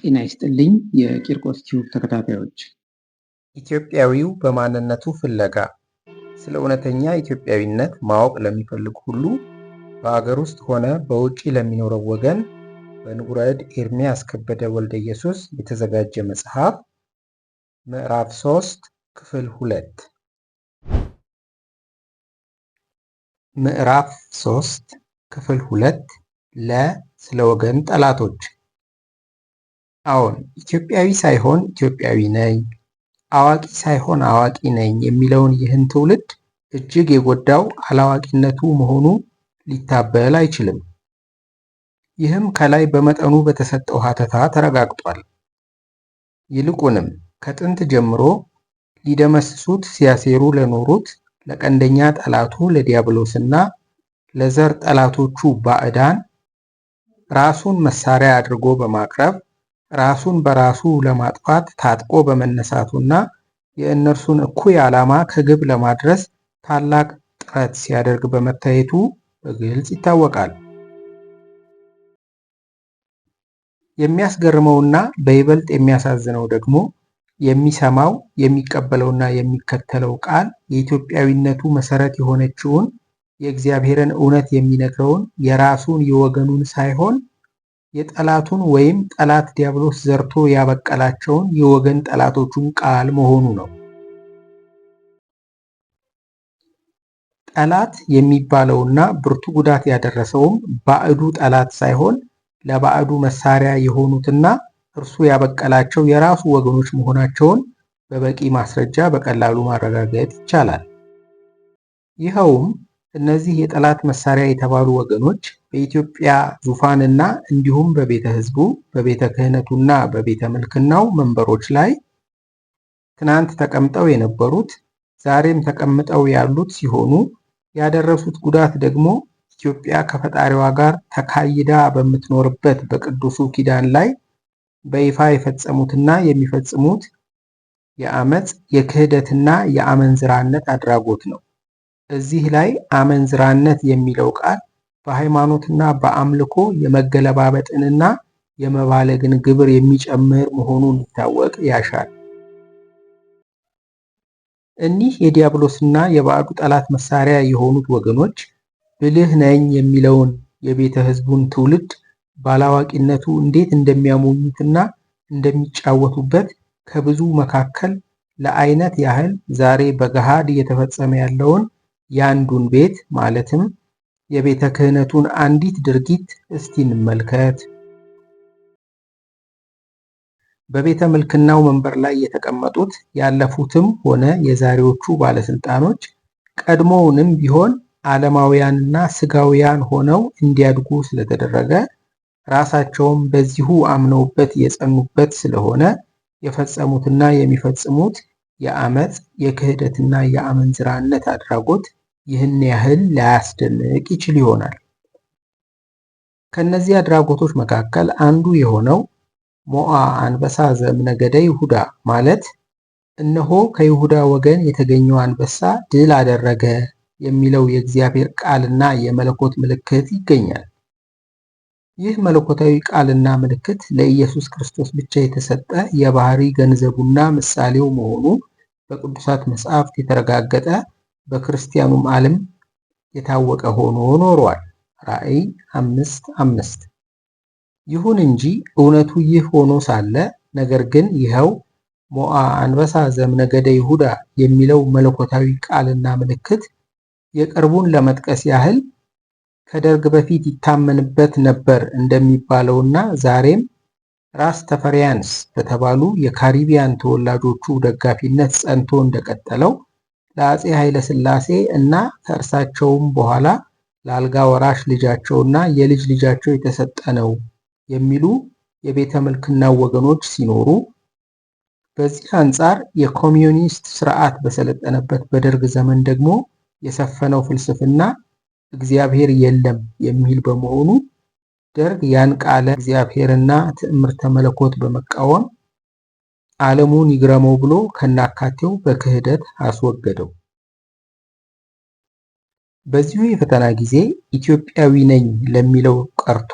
ጤና ይስጥልኝ የቂርቆስ ቲዩብ ተከታታዮች። ኢትዮጵያዊው በማንነቱ ፍለጋ ስለ እውነተኛ ኢትዮጵያዊነት ማወቅ ለሚፈልግ ሁሉ በአገር ውስጥ ሆነ በውጪ ለሚኖረው ወገን በንጉረድ እድ ኤርሜ ያስከበደ ወልደ ኢየሱስ የተዘጋጀ መጽሐፍ ምዕራፍ 3 ክፍል 2 ምዕራፍ 3 ክፍል 2 ለ ስለ ወገን ጠላቶች አዎን ኢትዮጵያዊ ሳይሆን ኢትዮጵያዊ ነኝ፣ አዋቂ ሳይሆን አዋቂ ነኝ የሚለውን ይህን ትውልድ እጅግ የጎዳው አላዋቂነቱ መሆኑ ሊታበል አይችልም። ይህም ከላይ በመጠኑ በተሰጠው ሀተታ ተረጋግጧል። ይልቁንም ከጥንት ጀምሮ ሊደመስሱት ሲያሴሩ ለኖሩት ለቀንደኛ ጠላቱ ለዲያብሎስና ለዘር ጠላቶቹ ባዕዳን ራሱን መሳሪያ አድርጎ በማቅረብ ራሱን በራሱ ለማጥፋት ታጥቆ በመነሳቱና የእነርሱን እኩይ ዓላማ ከግብ ለማድረስ ታላቅ ጥረት ሲያደርግ በመታየቱ በግልጽ ይታወቃል። የሚያስገርመውና በይበልጥ የሚያሳዝነው ደግሞ የሚሰማው የሚቀበለውና የሚከተለው ቃል የኢትዮጵያዊነቱ መሰረት የሆነችውን የእግዚአብሔርን እውነት የሚነግረውን የራሱን የወገኑን ሳይሆን የጠላቱን ወይም ጠላት ዲያብሎስ ዘርቶ ያበቀላቸውን የወገን ጠላቶቹን ቃል መሆኑ ነው። ጠላት የሚባለውና ብርቱ ጉዳት ያደረሰውም ባዕዱ ጠላት ሳይሆን ለባዕዱ መሳሪያ የሆኑትና እርሱ ያበቀላቸው የራሱ ወገኖች መሆናቸውን በበቂ ማስረጃ በቀላሉ ማረጋገጥ ይቻላል። ይኸውም እነዚህ የጠላት መሳሪያ የተባሉ ወገኖች በኢትዮጵያ ዙፋንና እንዲሁም በቤተ ሕዝቡ በቤተ ክህነቱና በቤተ ምልክናው መንበሮች ላይ ትናንት ተቀምጠው የነበሩት ዛሬም ተቀምጠው ያሉት ሲሆኑ ያደረሱት ጉዳት ደግሞ ኢትዮጵያ ከፈጣሪዋ ጋር ተካይዳ በምትኖርበት በቅዱሱ ኪዳን ላይ በይፋ የፈጸሙትና የሚፈጽሙት የአመፅ የክህደትና የአመንዝራነት አድራጎት ነው። እዚህ ላይ አመንዝራነት የሚለው ቃል በሃይማኖትና በአምልኮ የመገለባበጥንና የመባለግን ግብር የሚጨምር መሆኑ እንዲታወቅ ያሻል። እኒህ የዲያብሎስና የባዕዱ ጠላት መሳሪያ የሆኑት ወገኖች ብልህ ነኝ የሚለውን የቤተ ሕዝቡን ትውልድ ባላዋቂነቱ እንዴት እንደሚያሞኙትና እንደሚጫወቱበት ከብዙ መካከል ለአይነት ያህል ዛሬ በገሃድ እየተፈጸመ ያለውን የአንዱን ቤት ማለትም የቤተ ክህነቱን አንዲት ድርጊት እስቲ እንመልከት። በቤተ ምልክናው መንበር ላይ የተቀመጡት ያለፉትም ሆነ የዛሬዎቹ ባለስልጣኖች ቀድሞውንም ቢሆን ዓለማውያንና ስጋውያን ሆነው እንዲያድጉ ስለተደረገ ራሳቸውም በዚሁ አምነውበት የጸኑበት ስለሆነ የፈጸሙትና የሚፈጽሙት የአመፅ የክህደትና የአመንዝራነት አድራጎት ይህን ያህል ላያስደንቅ ይችል ይሆናል። ከነዚህ አድራጎቶች መካከል አንዱ የሆነው ሞዓ አንበሳ ዘእምነገደ ይሁዳ ማለት እነሆ ከይሁዳ ወገን የተገኘው አንበሳ ድል አደረገ የሚለው የእግዚአብሔር ቃልና የመለኮት ምልክት ይገኛል። ይህ መለኮታዊ ቃልና ምልክት ለኢየሱስ ክርስቶስ ብቻ የተሰጠ የባህሪ ገንዘቡና ምሳሌው መሆኑ በቅዱሳት መጻሕፍት የተረጋገጠ በክርስቲያኑም ዓለም የታወቀ ሆኖ ኖሯል። ራእይ አምስት አምስት ይሁን እንጂ እውነቱ ይህ ሆኖ ሳለ ነገር ግን ይኸው ሞአ አንበሳ ዘእምነገደ ይሁዳ የሚለው መለኮታዊ ቃልና ምልክት የቅርቡን ለመጥቀስ ያህል ከደርግ በፊት ይታመንበት ነበር እንደሚባለውና ዛሬም ራስ ተፈሪያንስ በተባሉ የካሪቢያን ተወላጆቹ ደጋፊነት ጸንቶ እንደቀጠለው ለአጼ ኃይለ ሥላሴ እና ከእርሳቸውም በኋላ ለአልጋ ወራሽ ልጃቸውና የልጅ ልጃቸው የተሰጠ ነው የሚሉ የቤተ መልክና ወገኖች ሲኖሩ በዚህ አንጻር የኮሚዩኒስት ስርዓት በሰለጠነበት በደርግ ዘመን ደግሞ የሰፈነው ፍልስፍና እግዚአብሔር የለም የሚል በመሆኑ ደርግ ያን ቃለ እግዚአብሔርና ትዕምርተ መለኮት በመቃወም ዓለሙን ይግረመው ብሎ ከናካቴው በክህደት አስወገደው። በዚሁ የፈተና ጊዜ ኢትዮጵያዊ ነኝ ለሚለው ቀርቶ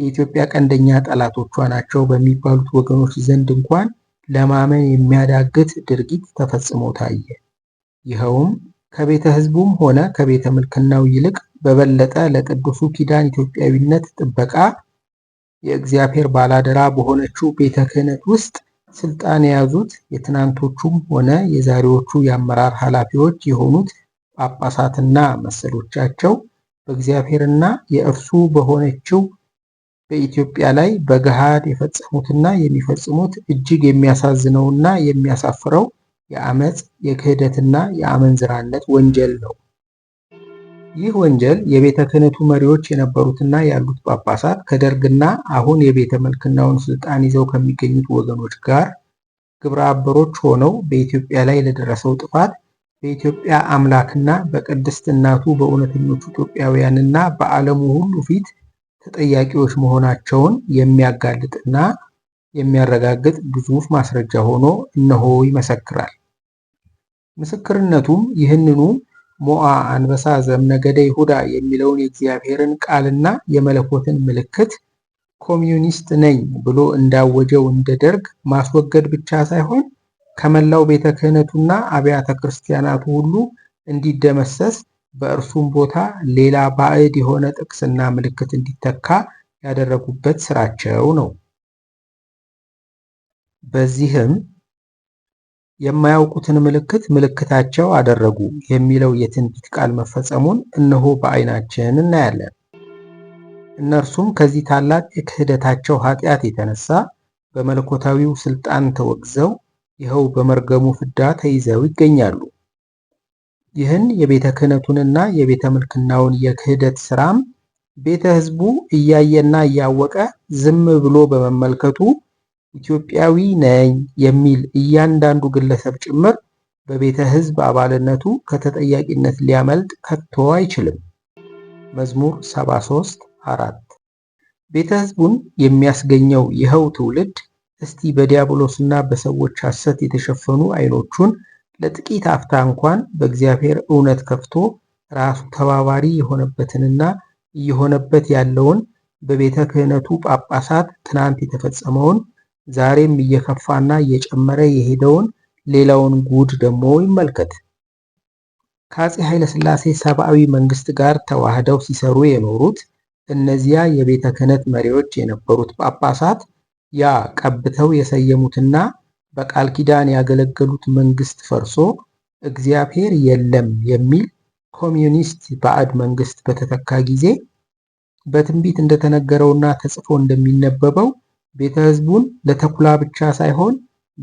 የኢትዮጵያ ቀንደኛ ጠላቶቿ ናቸው በሚባሉት ወገኖች ዘንድ እንኳን ለማመን የሚያዳግት ድርጊት ተፈጽሞ ታየ። ይኸውም ከቤተ ሕዝቡም ሆነ ከቤተ ምልክናው ይልቅ በበለጠ ለቅዱሱ ኪዳን ኢትዮጵያዊነት ጥበቃ የእግዚአብሔር ባላደራ በሆነችው ቤተ ክህነት ውስጥ ስልጣን የያዙት የትናንቶቹም ሆነ የዛሬዎቹ የአመራር ኃላፊዎች የሆኑት ጳጳሳትና መሰሎቻቸው በእግዚአብሔርና የእርሱ በሆነችው በኢትዮጵያ ላይ በገሃድ የፈጸሙትና የሚፈጽሙት እጅግ የሚያሳዝነውና የሚያሳፍረው የአመፅ የክህደትና የአመንዝራነት ወንጀል ነው። ይህ ወንጀል የቤተ ክህነቱ መሪዎች የነበሩትና ያሉት ጳጳሳት ከደርግና አሁን የቤተ መልክናውን ስልጣን ይዘው ከሚገኙት ወገኖች ጋር ግብረ አበሮች ሆነው በኢትዮጵያ ላይ ለደረሰው ጥፋት በኢትዮጵያ አምላክና በቅድስት እናቱ በእውነተኞቹ ኢትዮጵያውያንና በዓለሙ ሁሉ ፊት ተጠያቂዎች መሆናቸውን የሚያጋልጥና የሚያረጋግጥ ግዙፍ ማስረጃ ሆኖ እነሆ ይመሰክራል። ምስክርነቱም ይህንኑ ሞአ አንበሳ ዘምነገደ ይሁዳ የሚለውን የእግዚአብሔርን ቃልና የመለኮትን ምልክት ኮሚዩኒስት ነኝ ብሎ እንዳወጀው እንደ ደርግ ማስወገድ ብቻ ሳይሆን ከመላው ቤተ ክህነቱና አብያተ ክርስቲያናቱ ሁሉ እንዲደመሰስ በእርሱም ቦታ ሌላ ባዕድ የሆነ ጥቅስና ምልክት እንዲተካ ያደረጉበት ስራቸው ነው። በዚህም የማያውቁትን ምልክት ምልክታቸው አደረጉ የሚለው የትንቢት ቃል መፈጸሙን እነሆ በዓይናችን እናያለን። እነርሱም ከዚህ ታላቅ የክህደታቸው ኃጢአት የተነሳ በመለኮታዊው ስልጣን ተወግዘው ይኸው በመርገሙ ፍዳ ተይዘው ይገኛሉ። ይህን የቤተ ክህነቱንና የቤተ ምልክናውን የክህደት ስራም ቤተ ሕዝቡ እያየና እያወቀ ዝም ብሎ በመመልከቱ ኢትዮጵያዊ ነኝ የሚል እያንዳንዱ ግለሰብ ጭምር በቤተ ሕዝብ አባልነቱ ከተጠያቂነት ሊያመልጥ ከቶ አይችልም። መዝሙር 73 4 ቤተ ሕዝቡን የሚያስገኘው ይኸው ትውልድ እስቲ በዲያብሎስና በሰዎች ሐሰት የተሸፈኑ አይኖቹን ለጥቂት አፍታ እንኳን በእግዚአብሔር እውነት ከፍቶ ራሱ ተባባሪ የሆነበትንና እየሆነበት ያለውን በቤተ ክህነቱ ጳጳሳት ትናንት የተፈጸመውን ዛሬም እየከፋና እየጨመረ የሄደውን ሌላውን ጉድ ደግሞ ይመልከት። ከአፄ ኃይለሥላሴ ሰብአዊ መንግስት ጋር ተዋህደው ሲሰሩ የኖሩት እነዚያ የቤተ ክህነት መሪዎች የነበሩት ጳጳሳት ያ ቀብተው የሰየሙትና በቃል ኪዳን ያገለገሉት መንግስት ፈርሶ እግዚአብሔር የለም የሚል ኮሚዩኒስት ባዕድ መንግስት በተተካ ጊዜ በትንቢት እንደተነገረውና ተጽፎ እንደሚነበበው ቤተ ሕዝቡን ለተኩላ ብቻ ሳይሆን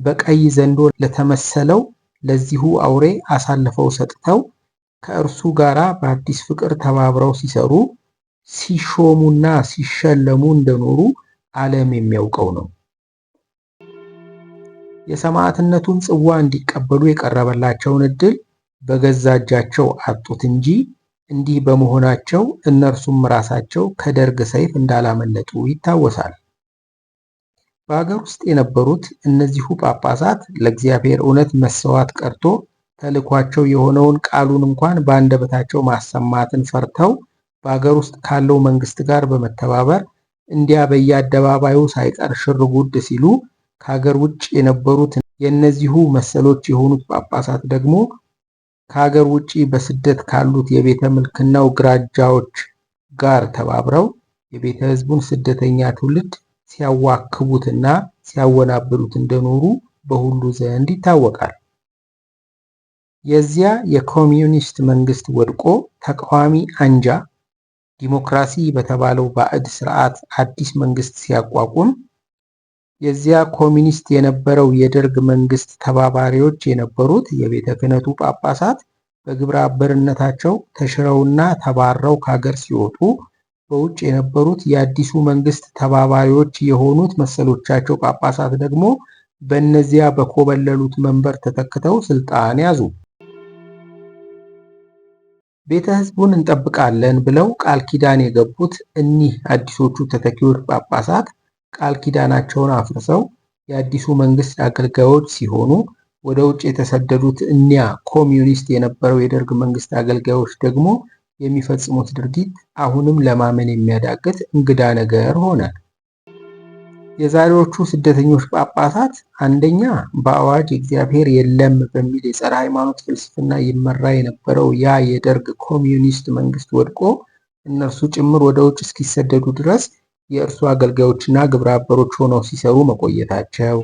በቀይ ዘንዶ ለተመሰለው ለዚሁ አውሬ አሳልፈው ሰጥተው ከእርሱ ጋር በአዲስ ፍቅር ተባብረው ሲሰሩ ሲሾሙና ሲሸለሙ እንደኖሩ ዓለም የሚያውቀው ነው። የሰማዕትነቱን ጽዋ እንዲቀበሉ የቀረበላቸውን ዕድል በገዛ እጃቸው አጡት እንጂ እንዲህ በመሆናቸው እነርሱም ራሳቸው ከደርግ ሰይፍ እንዳላመለጡ ይታወሳል። በአገር ውስጥ የነበሩት እነዚሁ ጳጳሳት ለእግዚአብሔር እውነት መሰዋት ቀርቶ ተልኳቸው የሆነውን ቃሉን እንኳን በአንደበታቸው ማሰማትን ፈርተው በአገር ውስጥ ካለው መንግስት ጋር በመተባበር እንዲያ በየአደባባዩ ሳይቀር ሽር ጉድ ሲሉ ከሀገር ውጭ የነበሩት የእነዚሁ መሰሎች የሆኑት ጳጳሳት ደግሞ ከሀገር ውጭ በስደት ካሉት የቤተ ምልክናው ግራጃዎች ጋር ተባብረው የቤተ ሕዝቡን ስደተኛ ትውልድ ሲያዋክቡትና ሲያወናብሩት እንደኖሩ በሁሉ ዘንድ ይታወቃል። የዚያ የኮሚዩኒስት መንግስት ወድቆ ተቃዋሚ አንጃ ዲሞክራሲ በተባለው ባዕድ ስርዓት አዲስ መንግስት ሲያቋቁም የዚያ ኮሚኒስት የነበረው የደርግ መንግስት ተባባሪዎች የነበሩት የቤተ ክህነቱ ጳጳሳት በግብረ አበርነታቸው ተሽረውና ተባረው ከሀገር ሲወጡ በውጭ የነበሩት የአዲሱ መንግስት ተባባሪዎች የሆኑት መሰሎቻቸው ጳጳሳት ደግሞ በእነዚያ በኮበለሉት መንበር ተተክተው ስልጣን ያዙ። ቤተ ሕዝቡን እንጠብቃለን ብለው ቃል ኪዳን የገቡት እኒህ አዲሶቹ ተተኪዎች ጳጳሳት ቃል ኪዳናቸውን አፍርሰው የአዲሱ መንግስት አገልጋዮች ሲሆኑ ወደ ውጭ የተሰደዱት እኒያ ኮሚኒስት የነበረው የደርግ መንግስት አገልጋዮች ደግሞ የሚፈጽሙት ድርጊት አሁንም ለማመን የሚያዳግት እንግዳ ነገር ሆነ። የዛሬዎቹ ስደተኞች ጳጳሳት አንደኛ በአዋጅ እግዚአብሔር የለም በሚል የጸረ ሃይማኖት ፍልስፍና ይመራ የነበረው ያ የደርግ ኮሚዩኒስት መንግስት ወድቆ እነርሱ ጭምር ወደ ውጭ እስኪሰደዱ ድረስ የእርሱ አገልጋዮችና ግብረ አበሮች ሆነው ሲሰሩ መቆየታቸው፣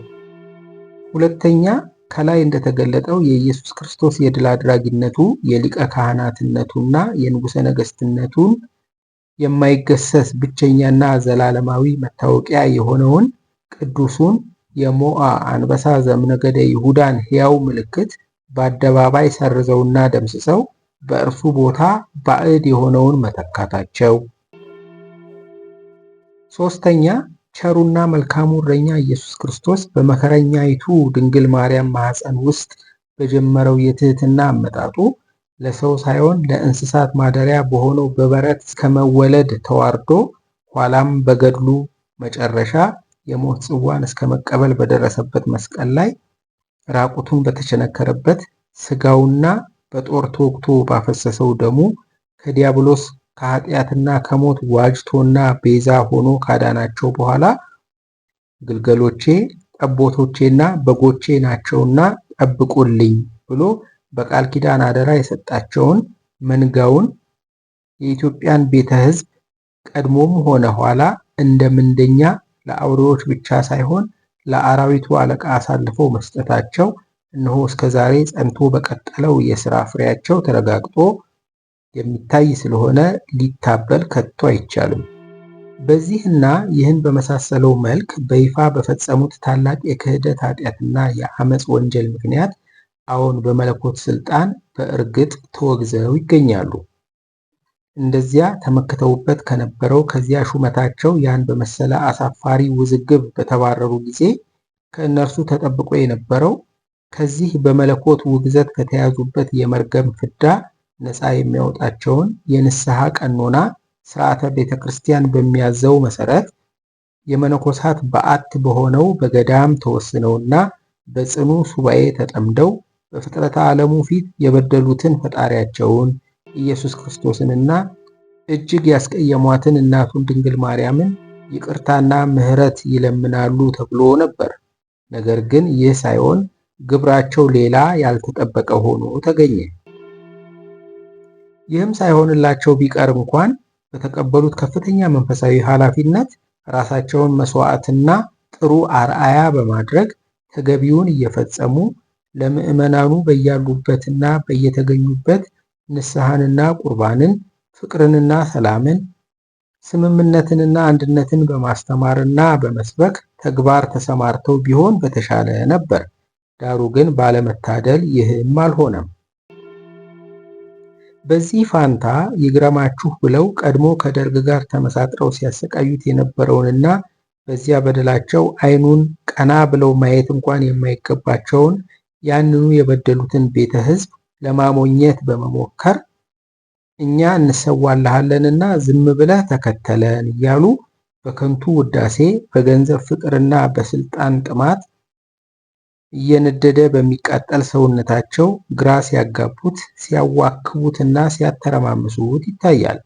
ሁለተኛ ከላይ እንደተገለጠው የኢየሱስ ክርስቶስ የድል አድራጊነቱ የሊቀ ካህናትነቱና የንጉሠ ነገሥትነቱን የማይገሰስ ብቸኛና ዘላለማዊ መታወቂያ የሆነውን ቅዱሱን የሞአ አንበሳ ዘምነገደ ይሁዳን ሕያው ምልክት በአደባባይ ሰርዘውና ደምስሰው በእርሱ ቦታ ባዕድ የሆነውን መተካታቸው። ሶስተኛ ቸሩና መልካሙ እረኛ ኢየሱስ ክርስቶስ በመከረኛይቱ ድንግል ማርያም ማኅፀን ውስጥ በጀመረው የትህትና አመጣጡ ለሰው ሳይሆን ለእንስሳት ማደሪያ በሆነው በበረት መወለድ ተዋርዶ ኋላም በገድሉ መጨረሻ የሞት ጽዋን እስከ መቀበል በደረሰበት መስቀል ላይ ራቁቱን በተቸነከረበት ስጋውና በጦር ተወግቶ ባፈሰሰው ደሙ ከዲያብሎስ ከኃጢአትና ከሞት ዋጅቶና ቤዛ ሆኖ ካዳናቸው በኋላ ግልገሎቼ ጠቦቶቼና በጎቼ ናቸውና ጠብቁልኝ ብሎ በቃል ኪዳን አደራ የሰጣቸውን መንጋውን የኢትዮጵያን ቤተ ሕዝብ ቀድሞም ሆነ ኋላ እንደ ምንደኛ ለአውሬዎች ብቻ ሳይሆን ለአራዊቱ አለቃ አሳልፎ መስጠታቸው እነሆ እስከዛሬ ጸንቶ በቀጠለው የስራ ፍሬያቸው ተረጋግጦ የሚታይ ስለሆነ ሊታበል ከቶ አይቻልም። በዚህና ይህን በመሳሰለው መልክ በይፋ በፈጸሙት ታላቅ የክህደት ኃጢአትና የአመፅ ወንጀል ምክንያት አሁን በመለኮት ስልጣን በእርግጥ ተወግዘው ይገኛሉ። እንደዚያ ተመክተውበት ከነበረው ከዚያ ሹመታቸው ያን በመሰለ አሳፋሪ ውዝግብ በተባረሩ ጊዜ ከእነርሱ ተጠብቆ የነበረው ከዚህ በመለኮት ውግዘት ከተያዙበት የመርገም ፍዳ ነፃ የሚያወጣቸውን የንስሐ ቀኖና ስርዓተ ቤተ ክርስቲያን በሚያዘው መሰረት የመነኮሳት በዓት በሆነው በገዳም ተወስነውና በጽኑ ሱባኤ ተጠምደው በፍጥረተ ዓለሙ ፊት የበደሉትን ፈጣሪያቸውን ኢየሱስ ክርስቶስንና እጅግ ያስቀየሟትን እናቱን ድንግል ማርያምን ይቅርታና ምሕረት ይለምናሉ ተብሎ ነበር። ነገር ግን ይህ ሳይሆን ግብራቸው ሌላ ያልተጠበቀ ሆኖ ተገኘ። ይህም ሳይሆንላቸው ቢቀር እንኳን በተቀበሉት ከፍተኛ መንፈሳዊ ኃላፊነት ራሳቸውን መስዋዕትና ጥሩ አርአያ በማድረግ ተገቢውን እየፈጸሙ ለምዕመናኑ በያሉበትና በየተገኙበት ንስሐንና ቁርባንን ፍቅርንና ሰላምን ስምምነትንና አንድነትን በማስተማርና በመስበክ ተግባር ተሰማርተው ቢሆን በተሻለ ነበር። ዳሩ ግን ባለመታደል ይህም አልሆነም። በዚህ ፋንታ ይግረማችሁ ብለው ቀድሞ ከደርግ ጋር ተመሳጥረው ሲያሰቃዩት የነበረውንና በዚያ በደላቸው አይኑን ቀና ብለው ማየት እንኳን የማይገባቸውን ያንኑ የበደሉትን ቤተ ሕዝብ ለማሞኘት በመሞከር እኛ እንሰዋልሃለንና ዝም ብለህ ተከተለን እያሉ በከንቱ ውዳሴ በገንዘብ ፍቅርና በስልጣን ጥማት እየነደደ በሚቃጠል ሰውነታቸው ግራ ሲያጋቡት፣ ሲያዋክቡትና ሲያተረማምሱት ይታያል።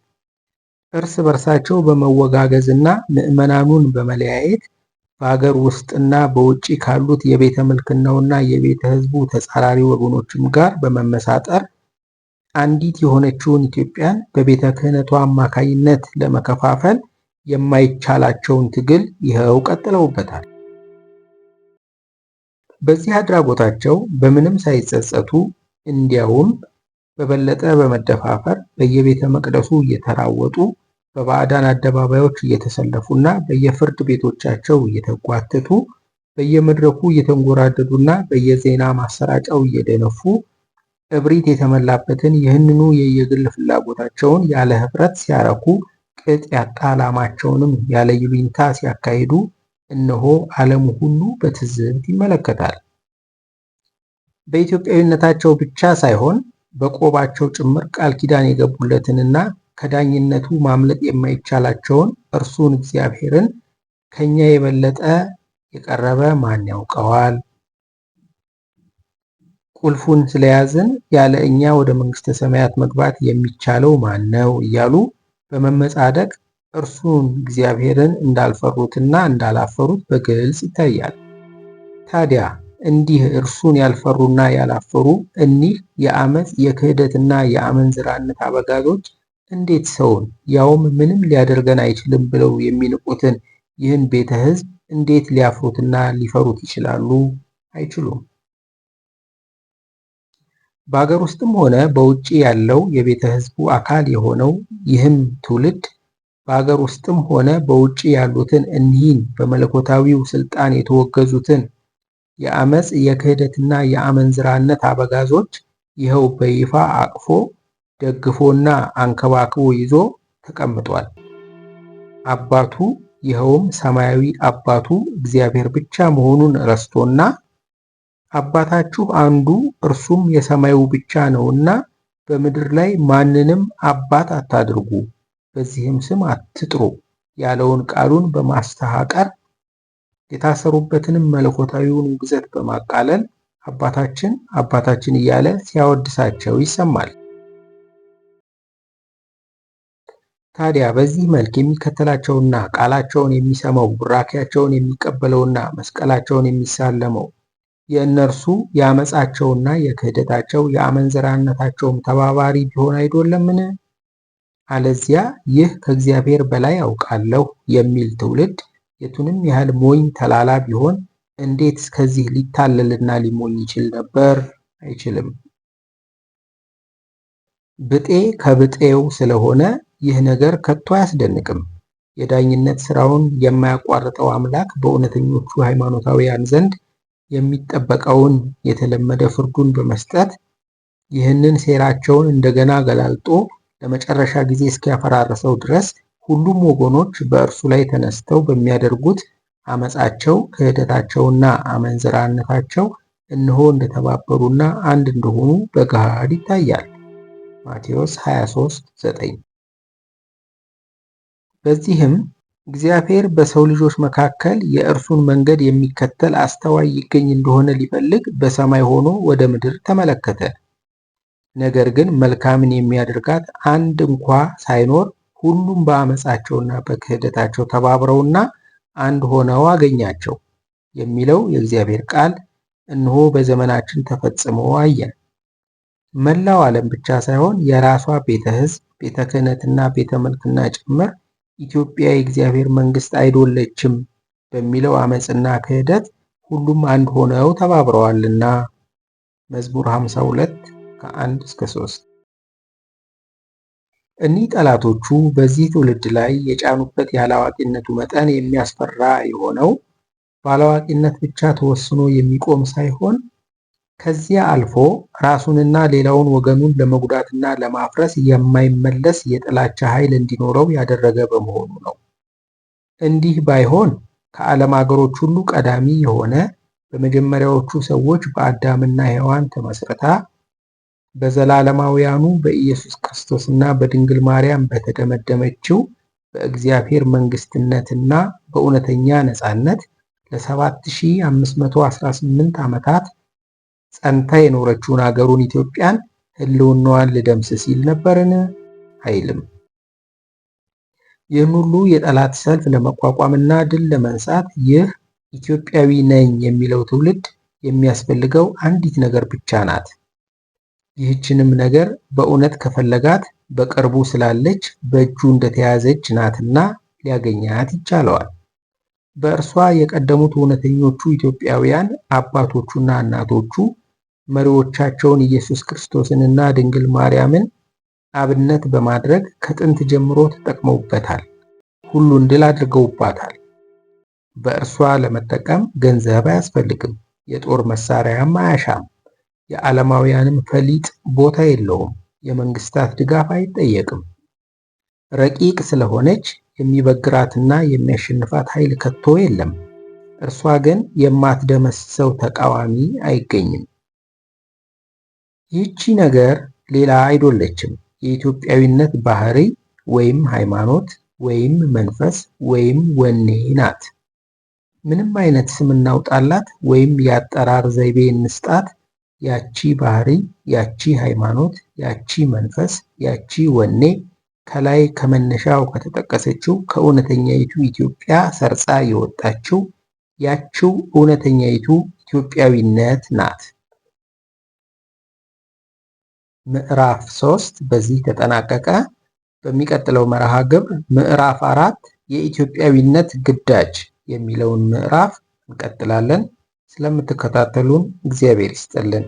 እርስ በርሳቸው በመወጋገዝና ምዕመናኑን በመለያየት በአገር ውስጥና በውጭ ካሉት የቤተ ምልክናውና የቤተ ሕዝቡ ተጻራሪ ወገኖችም ጋር በመመሳጠር አንዲት የሆነችውን ኢትዮጵያን በቤተ ክህነቷ አማካይነት ለመከፋፈል የማይቻላቸውን ትግል ይኸው ቀጥለውበታል። በዚህ አድራጎታቸው በምንም ሳይጸጸቱ እንዲያውም በበለጠ በመደፋፈር በየቤተ መቅደሱ እየተራወጡ በባዕዳን አደባባዮች እየተሰለፉና በየፍርድ ቤቶቻቸው እየተጓተቱ በየመድረኩ እየተንጎራደዱና በየዜና ማሰራጫው እየደነፉ እብሪት የተመላበትን ይህንኑ የየግል ፍላጎታቸውን ያለ ህብረት ሲያረኩ ቅጥ ያጣ ዓላማቸውንም ያለ ይሉኝታ ሲያካሂዱ እነሆ ዓለሙ ሁሉ በትዝብት ይመለከታል። በኢትዮጵያዊነታቸው ብቻ ሳይሆን በቆባቸው ጭምር ቃል ኪዳን የገቡለትንና ከዳኝነቱ ማምለጥ የማይቻላቸውን እርሱን እግዚአብሔርን ከኛ የበለጠ የቀረበ ማን ያውቀዋል? ቁልፉን ስለያዝን ያለ እኛ ወደ መንግስተ ሰማያት መግባት የሚቻለው ማን ነው? እያሉ በመመጻደቅ እርሱን እግዚአብሔርን እንዳልፈሩትና እንዳላፈሩት በግልጽ ይታያል። ታዲያ እንዲህ እርሱን ያልፈሩና ያላፈሩ እኒህ የአመፅ የክህደትና የአመንዝራነት አበጋዞች እንዴት ሰውን ያውም ምንም ሊያደርገን አይችልም ብለው የሚንቁትን ይህን ቤተ ሕዝብ እንዴት ሊያፍሩትና ሊፈሩት ይችላሉ? አይችሉም። በአገር ውስጥም ሆነ በውጭ ያለው የቤተ ሕዝቡ አካል የሆነው ይህም ትውልድ በአገር ውስጥም ሆነ በውጭ ያሉትን እኒህን በመለኮታዊው ስልጣን የተወገዙትን የአመፅ የክህደትና የአመንዝራነት አበጋዞች ይኸው በይፋ አቅፎ ደግፎና አንከባክቦ ይዞ ተቀምጧል። አባቱ ይኸውም ሰማያዊ አባቱ እግዚአብሔር ብቻ መሆኑን ረስቶና አባታችሁ አንዱ እርሱም የሰማዩ ብቻ ነውና በምድር ላይ ማንንም አባት አታድርጉ በዚህም ስም አትጥሩ ያለውን ቃሉን በማስተሃቀር የታሰሩበትንም መለኮታዊውን ውግዘት በማቃለል አባታችን አባታችን እያለ ሲያወድሳቸው ይሰማል። ታዲያ በዚህ መልክ የሚከተላቸውና ቃላቸውን የሚሰማው ቡራኪያቸውን የሚቀበለውና መስቀላቸውን የሚሳለመው የእነርሱ የአመፃቸውና የክህደታቸው የአመንዝራነታቸውም ተባባሪ ቢሆን አይደለምን? አለዚያ ይህ ከእግዚአብሔር በላይ አውቃለሁ የሚል ትውልድ የቱንም ያህል ሞኝ ተላላ ቢሆን እንዴት እስከዚህ ሊታለልና ሊሞኝ ይችል ነበር? አይችልም። ብጤ ከብጤው ስለሆነ ይህ ነገር ከቶ አያስደንቅም። የዳኝነት ስራውን የማያቋርጠው አምላክ በእውነተኞቹ ሃይማኖታውያን ዘንድ የሚጠበቀውን የተለመደ ፍርዱን በመስጠት ይህንን ሴራቸውን እንደገና ገላልጦ ለመጨረሻ ጊዜ እስኪያፈራርሰው ድረስ ሁሉም ወገኖች በእርሱ ላይ ተነስተው በሚያደርጉት አመፃቸው፣ ክህደታቸውና አመንዝራነታቸው እነሆ እንደተባበሩና አንድ እንደሆኑ በገሃድ ይታያል። ማቴዎስ 23:9 በዚህም እግዚአብሔር በሰው ልጆች መካከል የእርሱን መንገድ የሚከተል አስተዋይ ይገኝ እንደሆነ ሊፈልግ በሰማይ ሆኖ ወደ ምድር ተመለከተ። ነገር ግን መልካምን የሚያደርጋት አንድ እንኳ ሳይኖር ሁሉም በአመፃቸውና በክህደታቸው ተባብረውና አንድ ሆነው አገኛቸው የሚለው የእግዚአብሔር ቃል እንሆ በዘመናችን ተፈጽሞ አየን። መላው ዓለም ብቻ ሳይሆን የራሷ ቤተ ሕዝብ፣ ቤተ ክህነትና ቤተ መልክና ጭምር ኢትዮጵያ የእግዚአብሔር መንግስት አይዶለችም በሚለው አመፅና ክህደት ሁሉም አንድ ሆነው ተባብረዋልና መዝሙር 52 ከአንድ እስከ ሶስት እኒህ ጠላቶቹ በዚህ ትውልድ ላይ የጫኑበት ያላዋቂነቱ መጠን የሚያስፈራ የሆነው ባላዋቂነት ብቻ ተወስኖ የሚቆም ሳይሆን ከዚያ አልፎ ራሱንና ሌላውን ወገኑን ለመጉዳትና ለማፍረስ የማይመለስ የጥላቻ ኃይል እንዲኖረው ያደረገ በመሆኑ ነው። እንዲህ ባይሆን ከዓለም አገሮች ሁሉ ቀዳሚ የሆነ በመጀመሪያዎቹ ሰዎች በአዳምና ሔዋን ተመስርታ በዘላለማውያኑ በኢየሱስ ክርስቶስና በድንግል ማርያም በተደመደመችው በእግዚአብሔር መንግስትነትና በእውነተኛ ነፃነት ለ7518 ዓመታት ጸንታ የኖረችውን አገሩን ኢትዮጵያን ህልውናዋን ልደምስ ሲል ነበርን? አይልም። ይህን ሁሉ የጠላት ሰልፍ ለመቋቋምና ድል ለመንሳት ይህ ኢትዮጵያዊ ነኝ የሚለው ትውልድ የሚያስፈልገው አንዲት ነገር ብቻ ናት። ይህችንም ነገር በእውነት ከፈለጋት በቅርቡ ስላለች በእጁ እንደተያዘች ናትና ሊያገኛት ይቻለዋል። በእርሷ የቀደሙት እውነተኞቹ ኢትዮጵያውያን አባቶቹና እናቶቹ መሪዎቻቸውን ኢየሱስ ክርስቶስንና ድንግል ማርያምን አብነት በማድረግ ከጥንት ጀምሮ ተጠቅመውበታል። ሁሉን ድል አድርገውባታል። በእርሷ ለመጠቀም ገንዘብ አያስፈልግም፣ የጦር መሳሪያም አያሻም። የዓለማውያንም ፈሊጥ ቦታ የለውም። የመንግስታት ድጋፍ አይጠየቅም። ረቂቅ ስለሆነች የሚበግራትና የሚያሸንፋት ኃይል ከቶ የለም። እርሷ ግን የማትደመስሰው ተቃዋሚ አይገኝም። ይህቺ ነገር ሌላ አይዶለችም የኢትዮጵያዊነት ባህሪ ወይም ሃይማኖት ወይም መንፈስ ወይም ወኔ ናት። ምንም አይነት ስም እናውጣላት ወይም የአጠራር ዘይቤ እንስጣት ያቺ ባህሪ፣ ያቺ ሃይማኖት፣ ያቺ መንፈስ፣ ያቺ ወኔ ከላይ ከመነሻው ከተጠቀሰችው ከእውነተኛይቱ ኢትዮጵያ ሰርጻ የወጣችው ያቺው እውነተኛይቱ ኢትዮጵያዊነት ናት። ምዕራፍ ሶስት በዚህ ተጠናቀቀ። በሚቀጥለው መርሃ ግብር ምዕራፍ አራት የኢትዮጵያዊነት ግዳጅ የሚለውን ምዕራፍ እንቀጥላለን። ስለምትከታተሉን እግዚአብሔር ይስጥልን።